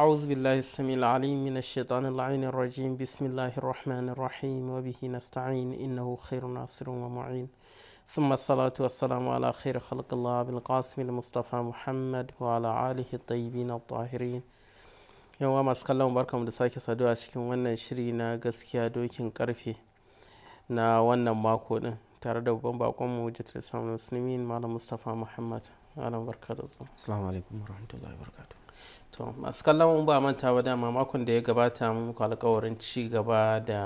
أعوذ بالله السميع العليم من الشيطان اللعين الرجيم بسم الله الرحمن الرحيم وبه نستعين إنه خير ناصر ومعين ثم الصلاة والسلام على خير خلق الله بالقاسم المصطفى محمد وعلى آله الطيبين الطاهرين يوم ما سكال الله مباركم لساكي صدو أشكم وانا شرينا قسكي أدوكين كرفي نا وانا مباكونا تردو بمباكم موجد رسام المسلمين مع مصطفى محمد على مباركات الظلام السلام عليكم ورحمة الله وبركاته to masu kallon ba manta ba dama makon da ya gabata muku alkawarin ci gaba da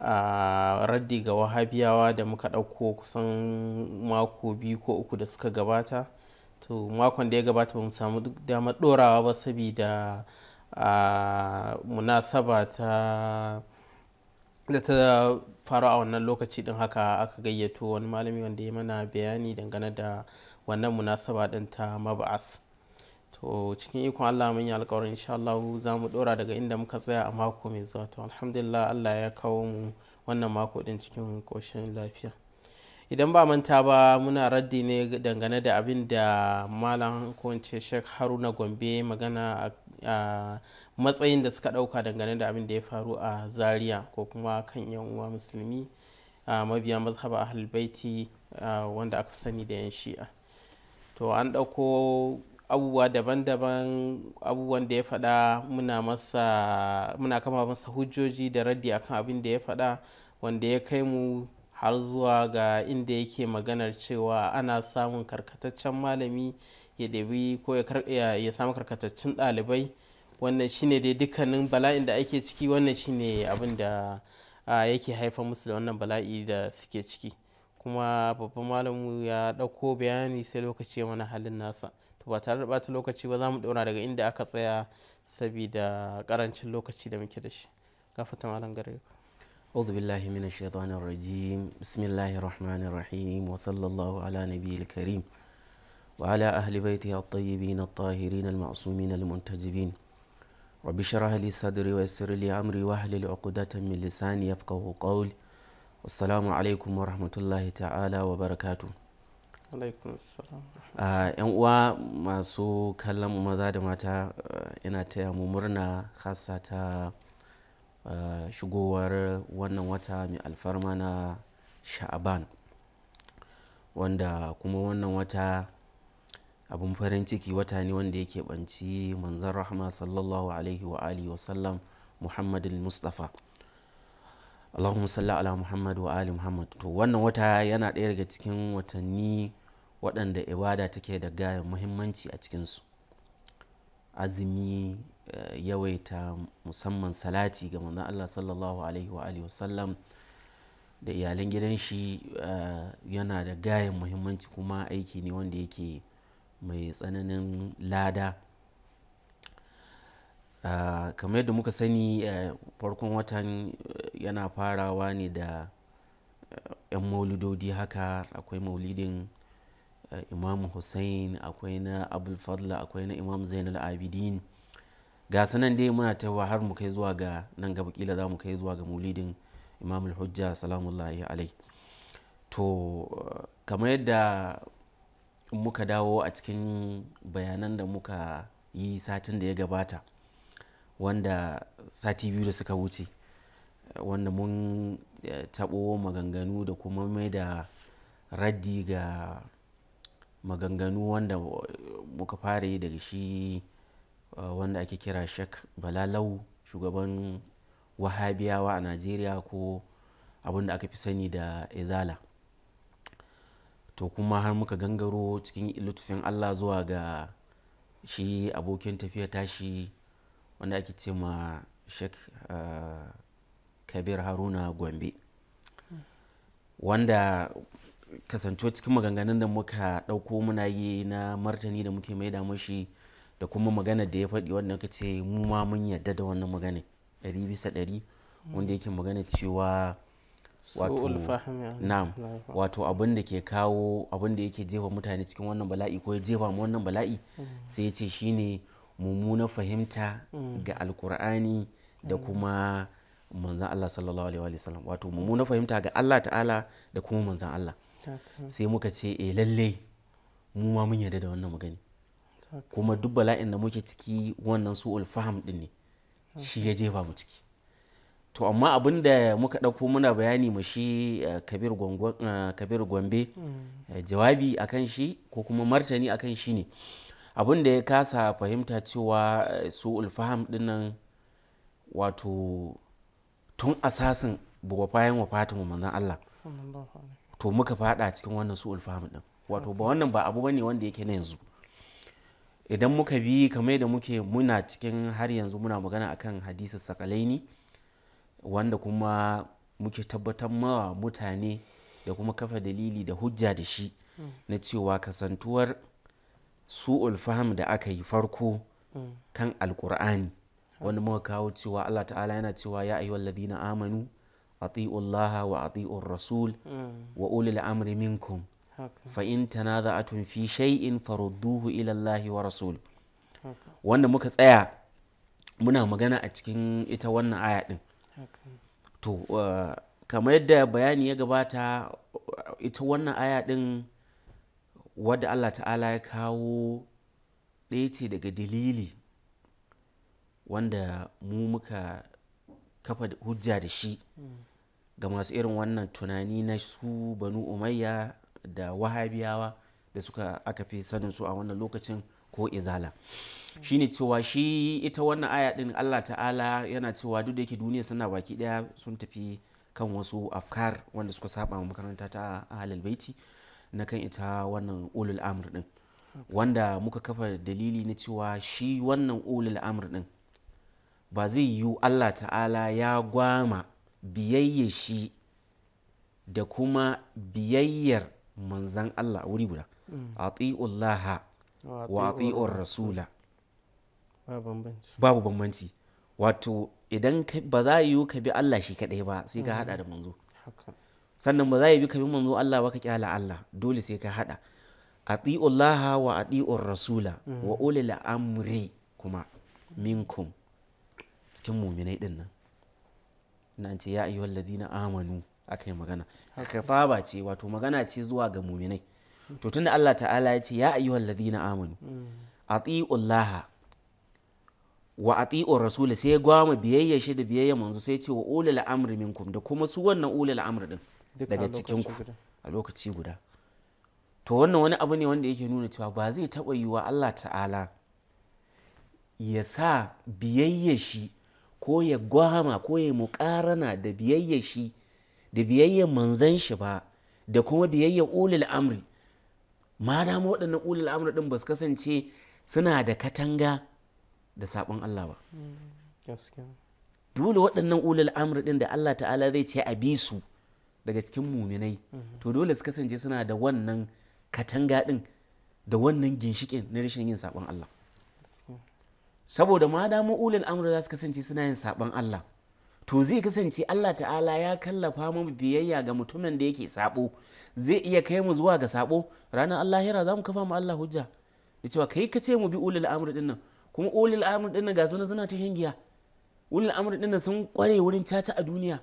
a raddi ga wahabiyawa da muka ɗauko kusan mako biyu ko uku da suka gabata to makon da ya gabata bamu samu dama ɗorawa ba saboda a munasaba ta da ta faru a wannan lokaci din haka aka gayyato wani malami wanda ya mana bayani dangane da wannan munasaba din ta mabaas. cikin ikon allah mun yi alkawarin insha allah za mu dora daga inda muka tsaya a mako mai zuwa to alhamdulillah allah ya kawo mu wannan mako din cikin koshin lafiya idan ba manta ba muna raddi ne dangane da abin da malam ko sheikh haruna gombe magana a matsayin da suka dauka dangane da abin da ya faru a zaria ko kuma kan yan uwa musulmi a mabiya mazhaba ahlul baiti wanda aka sani da yan shi'a to an dauko abubuwa daban-daban abubuwan da ya faɗa muna kama masa hujjoji da raddi akan abin da ya faɗa wanda ya kai mu har zuwa ga inda yake maganar cewa ana samun karkataccen malami ya ɗabi ko ya samu karkataccen ɗalibai wannan shine dai dukkanin bala'in da ake ciki wannan shine abin da yake haifar musu da wannan bala'i da suke ciki kuma babban malamu ya ɗauko bayani sai lokaci mana halin nasa to ba tare da bata lokaci ba za mu ɗaura daga inda aka tsaya sabida ƙarancin lokaci da muke da shi gafata malam gare ku أعوذ بالله من الشيطان الرجيم بسم الله الرحمن الرحيم وصلى الله على نبي الكريم وعلى أهل بيته الطيبين الطاهرين المعصومين المنتجبين رب اشرح لي صدري ويسر لي أمري واحلل عقدة من لساني يفقه قولي والسلام عليكم ورحمة الله تعالى وبركاته yan uwa masu kallon mu maza da mata yana eh, taya mu murna hasa ta eh, shigowar wannan wata mai alfarma na sha'aban wanda kuma wannan wata abin farin ciki wata ne wanda yake banci manzan rahama sallallahu alaihi wa alihi wasallam muhammadin mustafa Allahumma salli ala Muhammad wa ali Muhammad to wannan wata yana ɗaya daga cikin watanni waɗanda ibada take da gayan muhimmanci a cikinsu azumi eh, yawaita musamman salati ga manzon Allah sallallahu alaihi wa alihi da iyalan gidan shi eh, yana da gayan muhimmanci kuma aiki ne wanda yake mai tsananin lada ah, kamar yadda muka sani eh, farkon watan yana farawa ne da 'yan maulidodi haka akwai maulidin imam hussein akwai na abulfadla akwai na imam zainal abidin ga sanan dai muna tawa har mu kai zuwa ga nan gaba kila za mu kai zuwa ga mulidin imam hujja salamullahi alai to kamar yadda muka dawo a cikin bayanan da muka yi satin da ya gabata wanda sati biyu da suka wuce wanda mun eh, taɓo maganganu da kuma mai da raddi ga maganganu wanda muka fara yi daga shi eh, wanda ake kira shek balalau shugaban wahabiyawa a najeriya ko abin aka fi sani da izala to kuma har muka gangaro cikin lutufin allah zuwa ga shi abokin tafiya tashi wanda ake ce ma shek eh, kabir haruna gombe hmm. wanda kasance cikin maganganun da muka ɗauko muna yi na martani da muke mai damu mashi da kuma magana da ya faɗi wannan ka ce mu ma mun yadda da wannan magana ɗari bisa ɗari wanda yake magana cewa wato na'am wato abin da ke kawo abin da yake jefa mutane cikin wannan bala'i ko ya jefa mu wannan bala'i mm. sai ya ce shine mummuna fahimta mm. ga alkur'ani da mm. kuma manzan Allah sallallahu alaihi wa sallam wato mummuna fahimta ga Allah ta'ala da kuma manzan Allah sai muka ce eh lalle mu ma mun yarda da wannan magani kuma duk bala'in da muke ciki wannan su ulfaham din ne shi ya jefa mu ciki to amma abin da muka ɗauko muna bayani mu shi eh, eh, kabir gombe mm. eh, jawabi akan shi ko kuma martani akan shi ne abin da ya kasa fahimta cewa su ulfaham dinnan wato tun asasin bayan wafatin manzon Allah to muka fada cikin wannan su ulfahamu din wato ba wannan ba abu bane wanda yake na yanzu idan muka bi kamar da muke muna cikin har yanzu muna magana akan hadisi sakalaini wanda kuma muke tabbatar mawa mutane da kuma kafa dalili da hujja da shi na cewa kasantuwar su fahim da aka yi farko kan alkur'ani Wani muka kawo cewa allah ta'ala yana cewa ya ayyuhal ladina amanu ati'u Allah wa ati'u Rasul hmm. wa ulil amri minkum fa in tanaza'atun fi shay'in farudduhu ila Allah wa Rasul wanda muka tsaya muna magana a cikin ita wannan aya to uh, kamar yadda bayani ya gabata ita wannan aya ɗin wadda Allah ta'ala ya kawo ɗaya ce daga dalili wanda mu muka kafa hujja da shi ga masu irin wannan tunani na su banu umayya da wahabiyawa da suka aka fi sanin su a wannan lokacin ko izala shine cewa shi ita wannan aya din Allah ta'ala yana cewa duk da yake duniya suna baki daya sun tafi kan wasu afkar wanda suka saba wa makaranta ta halin baiti na kan ita wannan ulul amr din wanda muka kafa dalili na cewa shi wannan ulul amr din ba zai yiwu Allah ta'ala ya gwama biyayya shi da kuma biyayyar manzan Allah a wuri guda mm. ati'ullaha wa ati'ur rasula babu bambanci wato idan ba za yiwu ka bi Allah shi kadai ba sai ka hada da manzo mm. sannan ba za yi bi ka bi manzo Allah ba ka kyala Allah dole sai ka hada ati'ullaha wa ati'ur rasula mm. wa ulil amri kuma minkum cikin muminai din nan ina ce ya ayyuhal ladina amanu aka yi magana khitaba ce wato magana ce zuwa ga muminai to tunda Allah ta'ala ya ce ya ayyuhal ladina amanu mm. Laha wa ati'ur rasul sai ya gwama biyayya shi da biyayya manzo sai ya ce wa ulul amri minkum da kuma su wannan ulul amri din daga cikin ku a lokaci guda to wannan wani abu ne wanda yake nuna cewa ba zai taɓa yiwa Allah ta'ala ya sa biyayya shi ko ya gwama ko ya muƙarana da biyayya shi da biyayyar manzan shi ba da kuma biyayyar ulil amri ma waɗannan ulil amri ɗin ba su kasance suna da katanga da sabon Allah ba dole waɗannan ulil amri ɗin da Allah ta'ala zai ce a bi su daga cikin muminai mhm. to dole su kasance suna da wannan katanga ɗin da wannan ginshikin na rashin yin sabon Allah saboda ma da ulil amr za su kasance suna yin saban Allah to zai kasance Allah ta'ala ya kallafa mu biyayya ga mutumin da yake sabo zai iya kai mu zuwa ga sabo ranar Allah hira za mu kafa mu Allah hujja da cewa kai ka ce mu bi ulil amr din nan kuma ulil amr din nan ga suna suna ta giya ulil amr din nan sun kware wurin caca a duniya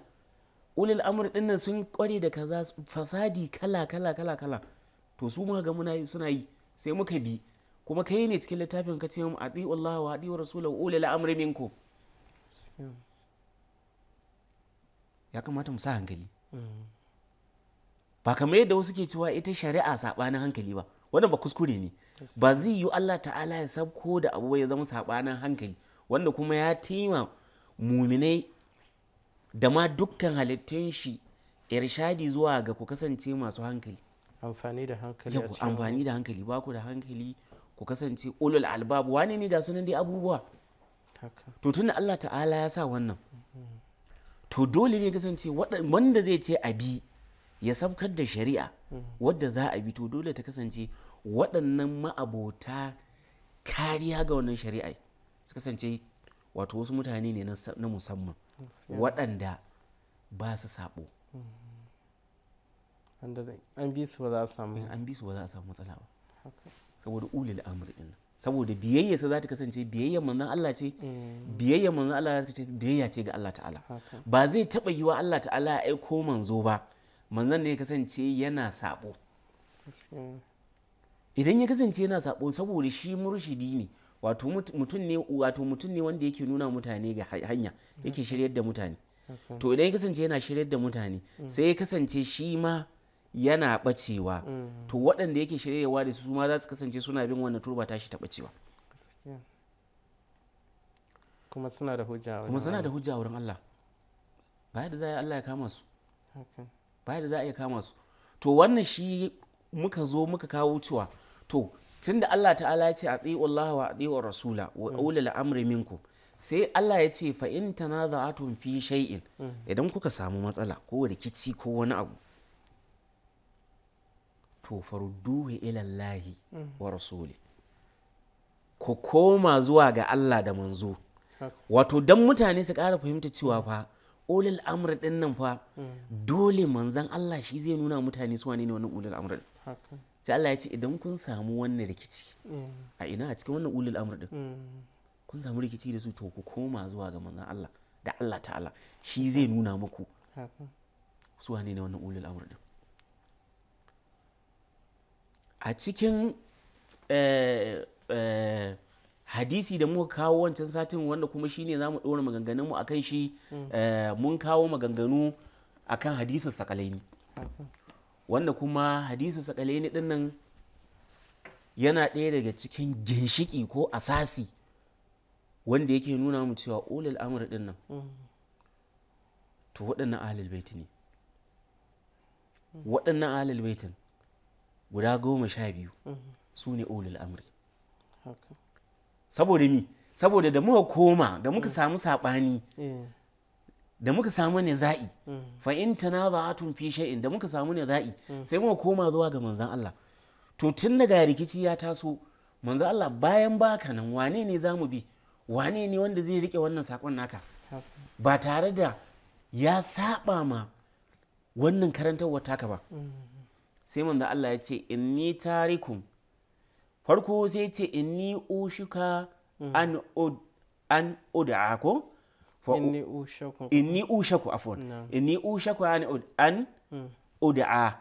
ulil amr din nan sun kware da kaza fasadi kala kala kala kala to su muka ga muna suna yi sai muka bi kuma kai ne cikin littafin ka ce mu adi'u Allah wa adi'u rasulahu ula amri minku ya kamata mu sa hankali ba kamar yadda wasu ke cewa ita shari'a sabanin hankali ba wannan ba kuskure ne ba zai yi Allah ta'ala ya sabko da abu ya zama sabanin hankali wanda kuma ya tima muminai da ma dukkan halittun shi irshadi zuwa ga ku kasance masu hankali amfani da hankali amfani da hankali ba ku da hankali ku kasance ulul albab wani ne ga sunan dai abubuwa to tun Allah ta'ala ya sa wannan to dole ne kasance wanda zai ce abi ya sabkar da shari'a wadda za a bi to dole ta kasance waɗannan ma'abota kariya ga wannan shari'a su kasance wato wasu mutane ne na musamman waɗanda ba su sabo an bi su ba za a samu matsala ba saboda ulil amri din saboda biyayya sai za ta kasance biyayya manzon Allah ce mm. Biyayya manzon Allah za ta kasance biyayya ce ga Allah ta'ala ba zai taba yiwa Allah ta'ala ya aiko manzo ba manzon ne ya kasance yana sabo idan ya kasance yana sabo saboda shi murshidi ne wato mutum ne wato mutum ne wanda yake nuna mutane ga hanya yake shiryar da mutane to idan ya kasance yana shiryar da mutane mm. sai ya kasance shi ma yana bacewa mm. to waɗanda yake shiryewa da su ma za su kasance suna bin wannan turba tashi ta bacewa kuma suna da hujja wurin Allah ba da za a Allah ya kama su ba da za a iya kama su to wannan shi muka zo muka kawo cewa to tun da Allah ta'ala ya ce a tsaye Allah wa a rasula wa aula mm. amri minku sai Allah ya ce fa in tun fi shay'in mm. idan kuka samu matsala ko rikici ko wani abu to farduhu ilallahi hmm. wa rasuli ku koma zuwa ga Allah da manzo wato dan mutane su ƙara fahimta cewa fa ulil amr din nan fa hmm. dole manzan Allah shi zai nuna mutane su wane ne wannan ulil amr din sai Allah ya ce idan kun samu wannan rikici hmm. a ina a cikin wannan ulil amr din kun samu rikici da su to ku koma zuwa ga manzan Allah da Allah ta'ala shi zai nuna muku su wane ne wannan ulil amr din a cikin eh, eh, hadisi da muka kawo wancan satin wanda kuma shine za mu ɗora maganganunmu a kan shi mm. eh, mun kawo maganganu a kan hadisin sakalaini wanda kuma hadisin sakalaini ɗin nan yana ɗaya daga cikin ginshiki ko asasi wanda yake nuna mu cewa ulil amur ɗin nan mm. to waɗannan ahlul baiti ne guda goma sha biyu mhm. su ne olul amri saboda mi saboda da muka koma da muka mm. samu saɓani eh. da muka samu ne za'i mm. fa in tanaza'atun fi shay'in da muka samu ne za'i mm. sai muka koma zuwa ga manzon Allah to tun daga rikici ya taso manzon Allah bayan baka nan wane ne zamu bi wane ne wanda zai rike wannan sakon naka ba tare da ya saba ma wannan karantarwar taka ba sai manzo Allah ya ce inni tarikum farko sai ce inni ushuka mm. an od an ud'a ko inni ushaku inni ushaku afwan inni ushaku an od an mm. ud'a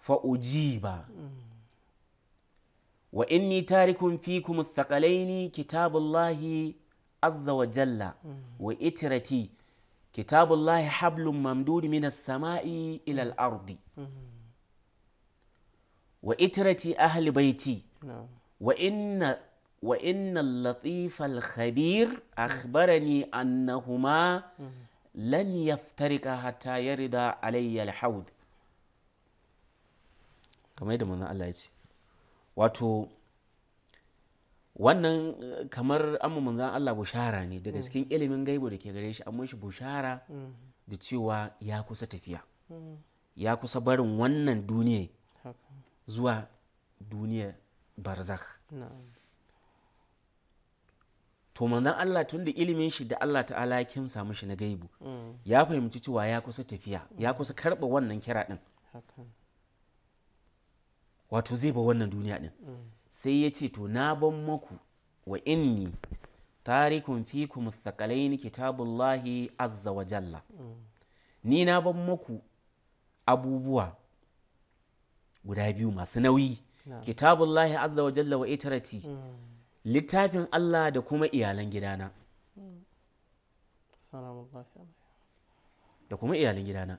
fa ujiba mm. wa inni tarikum fikum athqalaini kitabullahi azza wa jalla wa itrati kitabullahi hablum mamdud min as-sama'i ila al-ardi wa itirati ahli baiti wa inna wa inna al-latif al-khabir annahuma lan hatta yarda alayya al-haud kamar yadda manzon Allah ya ce wato wannan kamar amma manzan Allah bushara ne daga mm. cikin ilimin gaibu da ke gare shi amma shi bushara mm. da cewa ya kusa tafiya mm. ya kusa barin wannan duniya zuwa duniyar barzakh to manzon Allah tun da ilimin shi da Allah ta'ala ya kimsa mishi na gaibu mm. ya fahimci cewa ya kusa tafiya ya kusa karɓa wannan kira ɗin wato zai ba wannan duniya ɗin mm. sai ya ce to na ban maku wa inni tarikun fikum thaqalaini kitabullahi azza wa jalla mm. ni na ban maku abubuwa guda biyu masu nauyi kitabullahi azza wa jalla wa itarati hmm. littafin Allah da kuma iyalan gidana da kuma iyalan gidana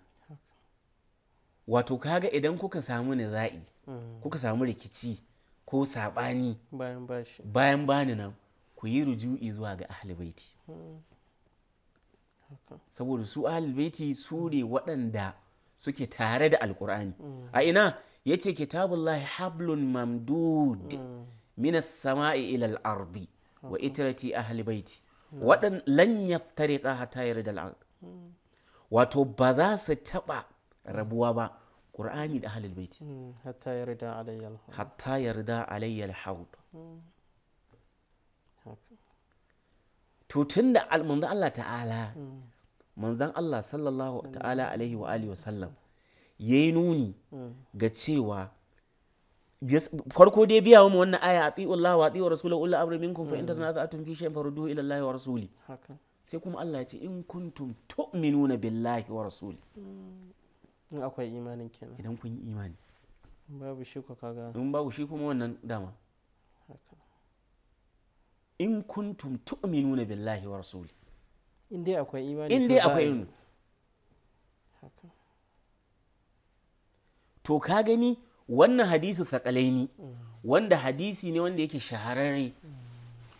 wato kaga idan kuka samu niza'i hmm. kuka samu rikici ko saɓani bayan bani nan ku yi ruju'i zuwa ga ahlibaiti hmm. saboda su ahlibaiti su ne waɗanda suke tare da alkur'ani a ina yace kitabullahi hablun mamdud hmm. minas sama'i ilal ardi wa hmm. itirati ahli baiti hmm. waɗan lan yaftariqa hata yarda al wato ba za su taɓa rabuwa ba ƙur'ani da ahlul baiti hata yarda alayyal hatta yarda alayyal haud to tunda manzon Allah ta'ala manzan Allah sallallahu ta'ala alaihi wa alihi wa sallam ya yi nuni hmm. ga cewa farko dai biya wa wannan aya a Allah wa ati'u rasulahu illa amru minkum fa in hmm. tanaza'tum fi shay'in farudduhu ila Allah wa rasuli sai kuma Allah ya ce in kuntum tu'minuna billahi wa rasuli hmm. in akwai imanin kenan idan kun yi imani babu shi ko kaga in babu shi kuma wannan dama in kuntum tu'minuna billahi wa rasuli in dai akwai imani in dai akwai haka to ka gani wannan hadisu sakalaini wanda hadisi ne wanda yake shahararre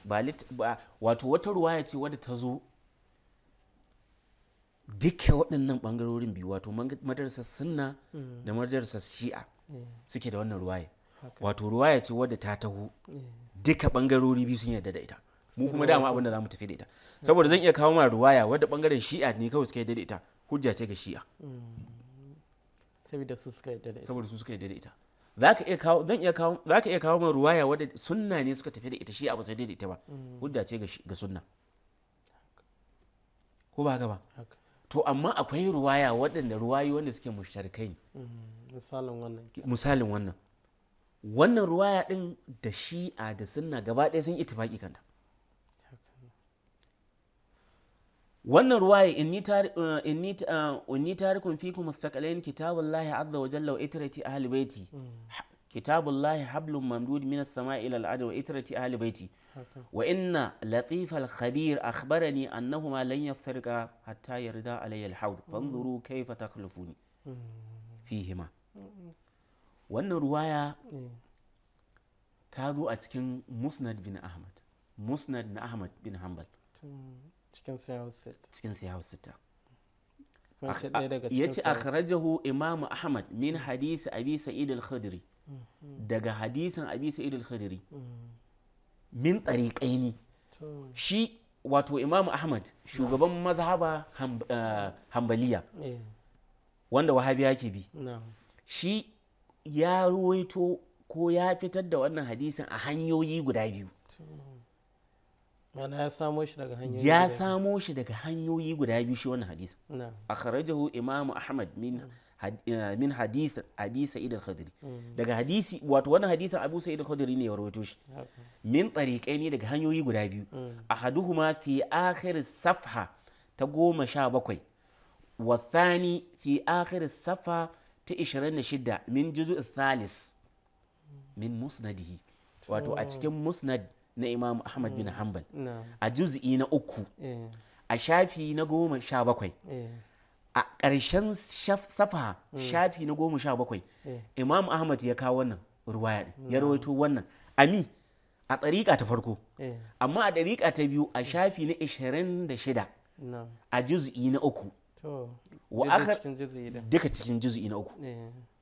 ba wato wata ruwaya ce wadda ta zo duka waɗannan ɓangarorin biyu wato madarsa sunna da madarsa shi'a suke da wannan ruwaya wato ruwaya ce wadda ta taho duka ɓangarori biyu sun yarda da ita mu kuma dama abin da za mu tafi da ita saboda zan iya kawo ma ruwaya wadda ɓangaren shi'a ne kawai suka yarda da ita hujja ce ga shi'a mm. saboda su suka yadda da ita saboda su suka yadda da ita zaka iya kawo dan iya kawo zaka iya kawo min ruwaya wadda sunna ne suka tafi da ita shi abu sai da ita ba mm. hujja ce ga sunna ko ba gaba ba to amma akwai ruwaya waɗanda ruwayi wanda suke mushtarikai ne mm, misalin wannan misalin wannan wannan ruwaya din da shi'a da sunna gaba ɗaya sun ittifaqi kanta wannan ruwaya uh, uh, inni tarikun fikum mustaqalain kitabullahi azza wa jalla wa itrati ahli baiti hmm. kitabullahi hablum mamdud min as-sama'i ila al-ard wa itrati ahli baiti wa inna latif al-khabir akhbarani annahuma lan yaftariqa hatta yarda alayya al-hawd hmm. fanzuru kayfa takhlufuni hmm. fihima wannan ruwaya eh. ta zo a cikin musnad bin ahmad musnad na ahmad bin hanbal cikin sayahu sita ya ce akhrajahu imamu ahmad min hadisi abi sa'id al-khudri mm-hmm. daga hadisin abi sa'id al-khudri mm-hmm. min ne shi wato imamu ahmad shugaban mazhaba hambaliya eh, eh. wanda wahabiya ke bi shi ya ruwaito ko ya fitar da wannan hadisin a hanyoyi guda biyu ya samo shi daga hanyoyi ya samo shi daga hanyoyi guda biyu shi wannan hadisi akhrajahu imamu ahmad min eh, min hadith abi sa'id al-khudri mm. daga hadisi wato wannan hadisin abu sa'id al khadiri ne ya rawaito shi min tariqai ne daga hanyoyi guda biyu mm. ahaduhuma fi akhir safha ta goma sha bakwai wa thani fi akhir safha ta 26 min juzu thalis min musnadihi wato a oh. cikin musnad na imam ahmad bin mm. hanbal a juz'i na uku eh. a shafi na goma sha bakwai eh. a ƙarshen safa mm. shafi na goma sha bakwai eh. imam ahmad ya kawo wannan ruwaya ya rawaito wannan ami a ɗariƙa ta farko amma a ɗariƙa ta biyu a shafi na 26 a juz'i na uku duka cikin juz'i na uku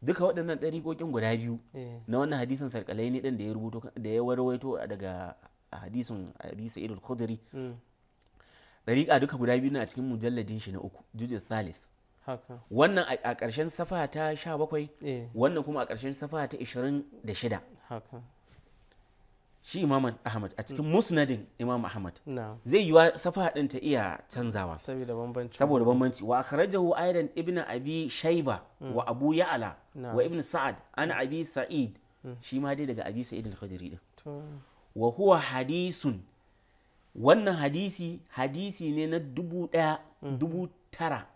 duka waɗannan ɗariƙoƙin guda biyu eh. na wannan hadisin sarƙalai ne ɗin da ya rubuto da ya warwaito daga hadisin abi sa'id al-khudri mm. ɗariƙa duka guda biyu na a cikin mujalladin shi na uku juzin salis wannan a ƙarshen safa ta sha bakwai eh. wannan kuma a ƙarshen safa ta ishirin da shida shi imam ahmad a cikin mm. musnadin imam ahmad zai yiwa safa din ta iya canzawa saboda bambanci saboda bambanci wa akhrajahu aidan ibnu abi shayba mm. wa abu ya'la wa ibnu sa'ad an mm. abi sa'id shi ma dai daga abi sa'id al-khudri din wa huwa hadisun wannan hadisi hadisi ne na dubu daya dubu tara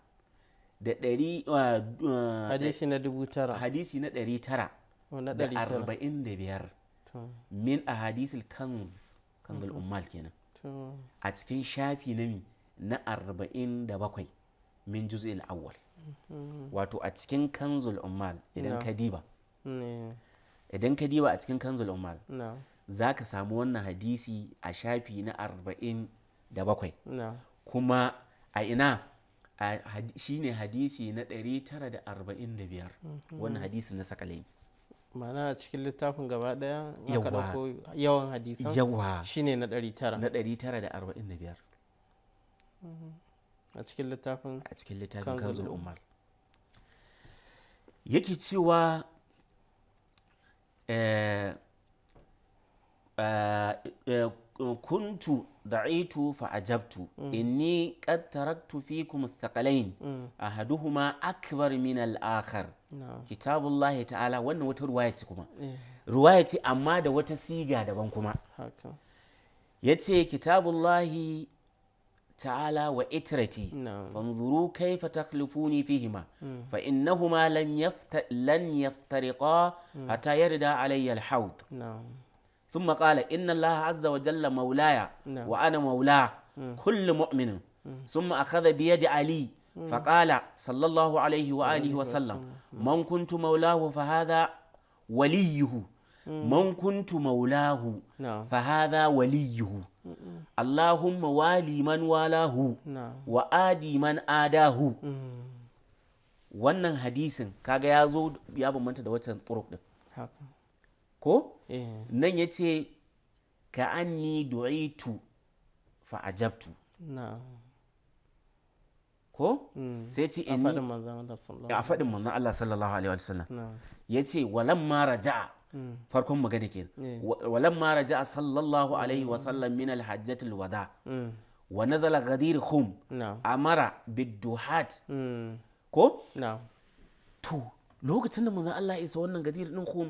da ɗari uh, uh, hadisi na dubu tara hadisi na ɗari tara da arba'in da biyar min a hadisul kanz kanzul mm-hmm. ummal kenan a cikin shafi na mi na arba'in da bakwai min juz'il awwal mm-hmm. wato a cikin kanzul ummal idan ka diba idan ka diba a cikin kanzul ummal za ka samu wannan hadisi a shafi na arba'in da bakwai kuma a ina shi ne hadisi na 945 mm-hmm. wannan hadisi na sakalai mana a cikin littafin gaba daya yawa yawan hadisan yawa shine na 900 na 945 mm-hmm. a cikin littafin a cikin littafin kanzul umar yake cewa eh, eh, eh kuntu da'itu fa ajabtu mm. inni qad taraktu fikum thaqalain mm. ahaduhuma akbar min al-akhar kitabullahi ta'ala wannan wata ruwaya ce kuma eh. ruwaya ce amma da wata siga daban kuma yace kitabullahi تعالى وإترتي فانظروا كيف fihima mm. fa فإنهما لن lan لن يفترقا ta yarda علي hawd. ثم قال إن الله عز وجل مولاي وأنا مولا كل مؤمن ثم أخذ بيد علي فقال صلى الله عليه وآله وسلم من كنت مولاه فهذا وليه من كنت مولاه فهذا وليه اللهم والي من والاه وآدي من آداه wannan hadisin kaga ya zo ya bambanta da wancan tsuruk din ko eh. nan ya ce ka ni du'itu fa ajabtu ko mm. sai ce in a faɗin manzan Allah sallallahu alaihi wa sallam ya ce walan mara raja mm. farkon magana ke eh. walan mara ja'a sallallahu alaihi wa sallam min alhajjatul wada mm. wa nazala gadir khum amara bidduhat ko to lokacin da manzan Allah isa wannan gadir din hum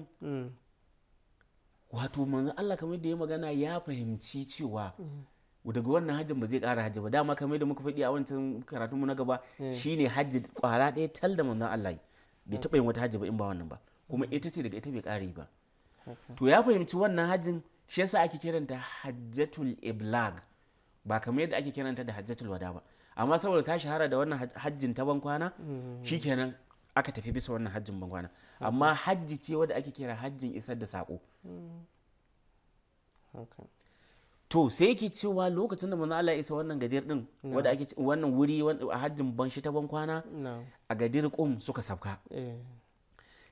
wato manzo Allah kamar da ya magana ya fahimci cewa mm. daga wannan hajjin ba zai kara hajji ba dama kamar da muka faɗi a wancan karatun mu na gaba mm. shine hajji kwara ɗaya tal da manzon Allah bai taɓa yin wata hajji ba in ba wannan ba kuma mm. ita ce daga ita bai kare ba to ya fahimci wannan hajjin shi yasa ake kiranta hajjatul iblag ba kamar yadda ake kiranta da hajjatul wada ba amma saboda ta shahara da wannan hajjin ta bankwana shikenan aka tafi bisa wannan hajjin bankwana amma hajji ce wadda ake kira hajjin isar da saƙo hmm. to sai yake cewa lokacin da manzo Allah ya isa wannan gadir din Wadda ake wannan wuri a hajjin ban shi ta ban kwana a gadir kum suka sabka eh.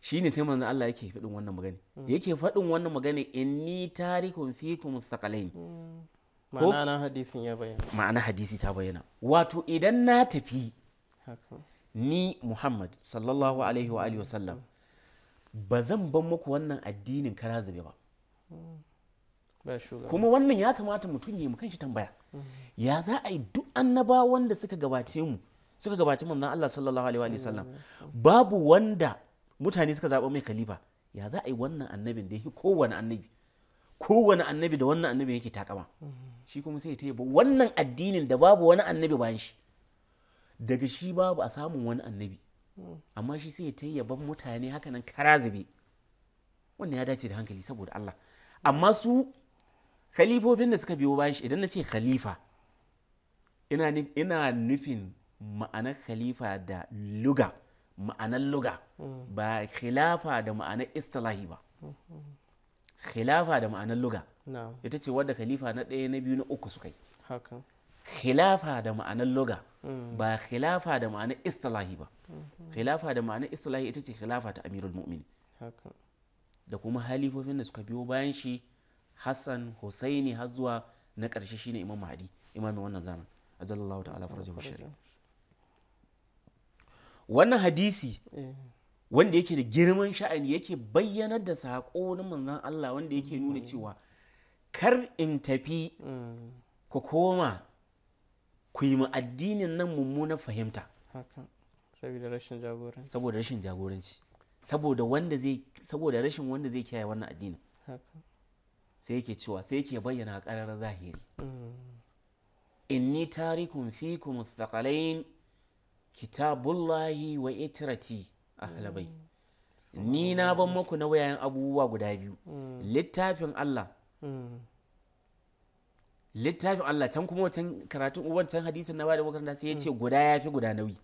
shine sai manzo Allah yake faɗin wannan magani. Hmm. yake faɗin wannan magani inni tarikum fikum thaqalain hmm. ma'ana hadisin ya bayyana ma'ana hadisi ta bayyana wato idan na tafi ni Muhammad sallallahu alaihi wa alihi wa sallam ba zan ban muku wannan addinin kara zube ba hmm. kuma wannan ya kamata mutum ya yi kanshi tambaya hmm. ya za a yi duk annaba wanda suka gabace mu suka gabace manzon Allah sallallahu alaihi wa hmm. sallam babu wanda mutane suka zaba mai khalifa ya za a yi wannan annabin da yake kowane annabi kowane annabi da wannan annabi yake takama shi kuma sai ta ba wannan addinin da babu wani annabi bayan shi daga shi babu a samun wani annabi amma shi sai ya ta yaban mutane haka nan kara zube wannan ya dace da hankali saboda Allah amma su khalifofin da suka biyo bayan shi idan na ce khalifa ina nufin ma'anar khalifa da luga ma'anar luga ba khilafa da ma'anar istilahi ba khilafa da ma'anar luga ita ce wadda khalifa na ɗaya na biyu na uku suka yi khilafa da ma'anar loga mm. ba khilafa da ma'anar istilahi ba mm-hmm. khilafa da ma'anar istilahi ita ce khilafa ta amirul mu'min da kuma halifofin da suka biyo bayan shi hassan husaini har zuwa na ƙarshe shine imam mahdi imamin wannan zaman ajallallahu ta'ala farajahu shari'a wannan hadisi eh. wanda yake da girman sha'ani yake bayyanar da saƙo na manzon Allah wanda yake nuna cewa kar in tafi mm. ku koma ku yi addinin nan mummunan fahimta saboda rashin jagoranci saboda rashin wanda zai saboda rashin wanda zai kiyaye wannan addinin sai yake cewa sai yake bayyana ƙarar zahiri mm. inni tarikum fikum thaqalain kitabullahi wa itrati ahlabai mm. ni na ban muku na wayan abubuwa guda biyu mm. littafin Allah littafin Allah can kuma wancan karatun wancan hadisin na bada makaranta sai ya ce mm. guda ya fi guda nauyi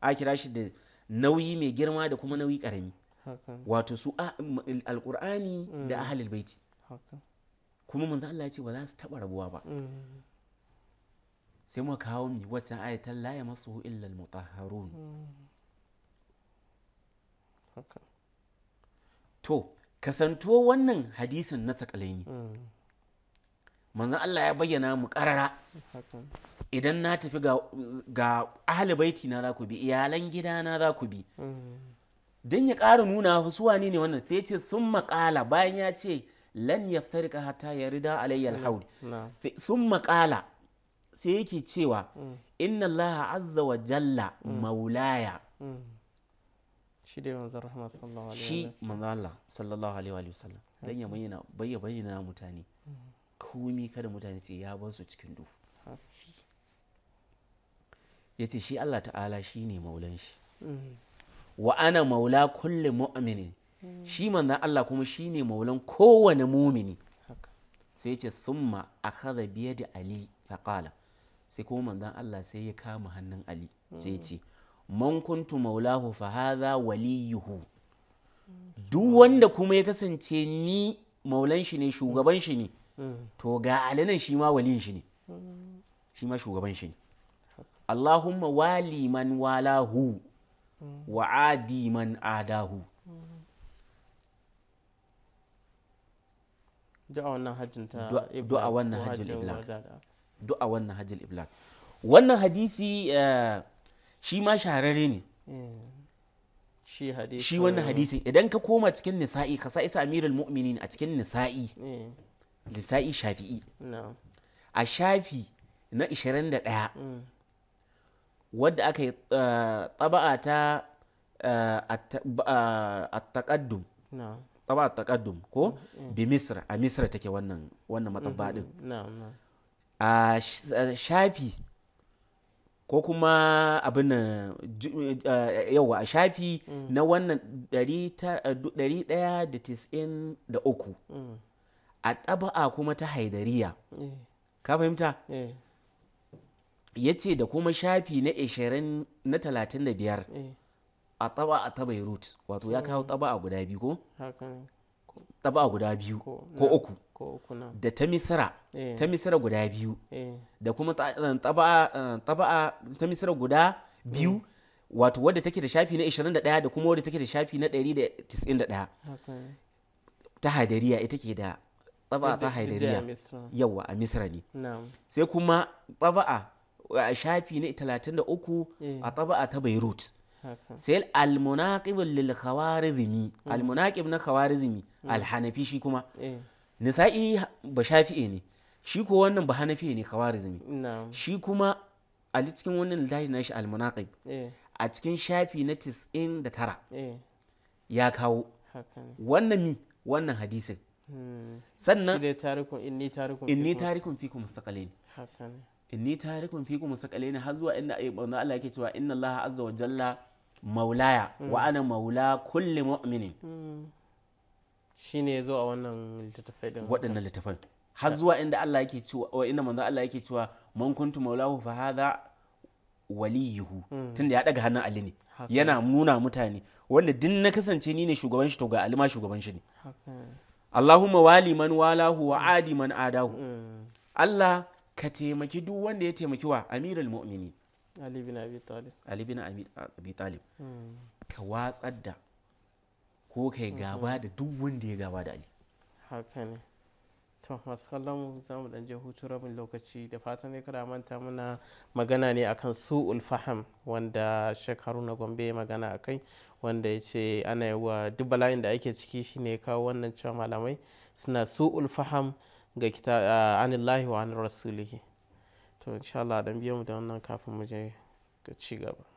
a kira shi da nauyi mai girma da kuma nauyi karami wato su alkur'ani mm. da ahalil baiti kuma manzo Allah ya ce ba za su taba rabuwa ba mm. sai mu kawo mi wata ayatan la ya masu illa mutahharun to kasantuwa wannan hadisin na sakalaini manzon Allah ya bayyana mu karara idan na tafi ga ahalibaiti na za ku bi iyalan gida na za ku bi mm. don ya ƙara nuna su wani ne wannan sai ce sun maƙala bayan ya ce lan ya fitar ka hata ya rida alayyar mm, haud sun maƙala sai yake cewa mm. inna Allah azza wa jalla maulaya shi dai manzon rahama sallallahu alaihi wa sallam dan ya bayyana mutane komi kada mutane ce ya bar su cikin duhu ya ce shi Allah ta'ala shi ne maulan shi mm. wa ana maula kulle mu'minin mm. shi manzan Allah kuma shi ne maulan kowane mumini sai ce summa akhadha bi yadi ali faqala sai kuma manzan Allah sai ya kama hannun ali sai mm. ce man kuntu maulahu fa hadha waliyuhu duk wanda kuma ya kasance ni maulan shi ne shugaban shi ne to ga alinan shi ma waliyin shi ne shi ma shugaban shi ne Allahumma wali man walahu wa adi man adahu du'a wannan hajjin du'a wannan hajjin iblak du'a wannan hajjin iblak wannan hadisi eh, shi ma shahararre ne eh, shi hadisi shi wannan hadisi idan ka koma cikin nisa'i ka sa isa amirul mu'minin a cikin nisa'i eh. lissa'i shafi'i a shafi na 21 wadda aka yi eh, taba'a ta eh, at eh, taba'a taqaddum ko mm, bi misra a misra take wannan matabaɗin mm-hmm. a shafi ko kuma abin yawa a shafi mm. na wannan 193 a ɗaba'a kuma ta haidariya eh. ka fahimta eh. ya ce da kuma shafi na 20 na 35 eh. a taba a ta beirut wato ya kawo taba mm. a guda biyu ko taba a guda biyu ko uku da ta misira ta misira guda biyu da kuma taba ta misira guda biyu mm. wato wadda take da shafi na 21 da kuma wadda take da shafi na 191 ta hadariya ita ke da tsaba'a ta hailariya yawa a misra ne sai kuma taba'a a shafi na 33 a taba'a ta beirut sai al-munaqib lil na khawarizmi alhanafi shi kuma nisa'i ba shafi ne shi ko wannan ba hanafi ne khawarizmi shi kuma a cikin wannan littafi na shi al a cikin shafi na 99 ya kawo wannan mi wannan hadisin sannan shi tarikun inni tarikun inni tarikun fikum ne inni tarikun sakale ne har zuwa inda ayi banza Allah yake cewa inna Allah azza wa jalla maulaya mm. wa ana maula kulli mu'minin mm. shine yazo a wannan littafai din waɗannan littafan har zuwa inda Allah yake cewa wa manzo Allah yake cewa man kuntu maulahu fa hadha waliyuhu mm. tunda ya daga hannun Ali ne yana nuna mutane wanda duk na kasance ni ne shugaban shi to ga Ali ma shugaban shi ne Allahumma wali man walahu wa mm. adi man adahu mm. Allah ka taimaki duk wanda ya taimaki wa amirul mu'mini Ali bin Abi Talib Ali bin Abi Talib mm. ka watsar da ko kai mm-hmm. gaba da duk wanda ya gaba da Ali haka ne to masu kallon mu za mu dan je hutu rabin lokaci da fatan ne kada manta muna magana ne akan su'ul ulfaham wanda shekaru na gombe magana akai wanda ya ce ana yi wa duk bala'in da ake ciki shi ne kawo wannan cewa malamai suna su ulfaham ga kita anillahi wa an rasulihi to insha Allah dan biyo mu da wannan kafin mu je ga ci gaba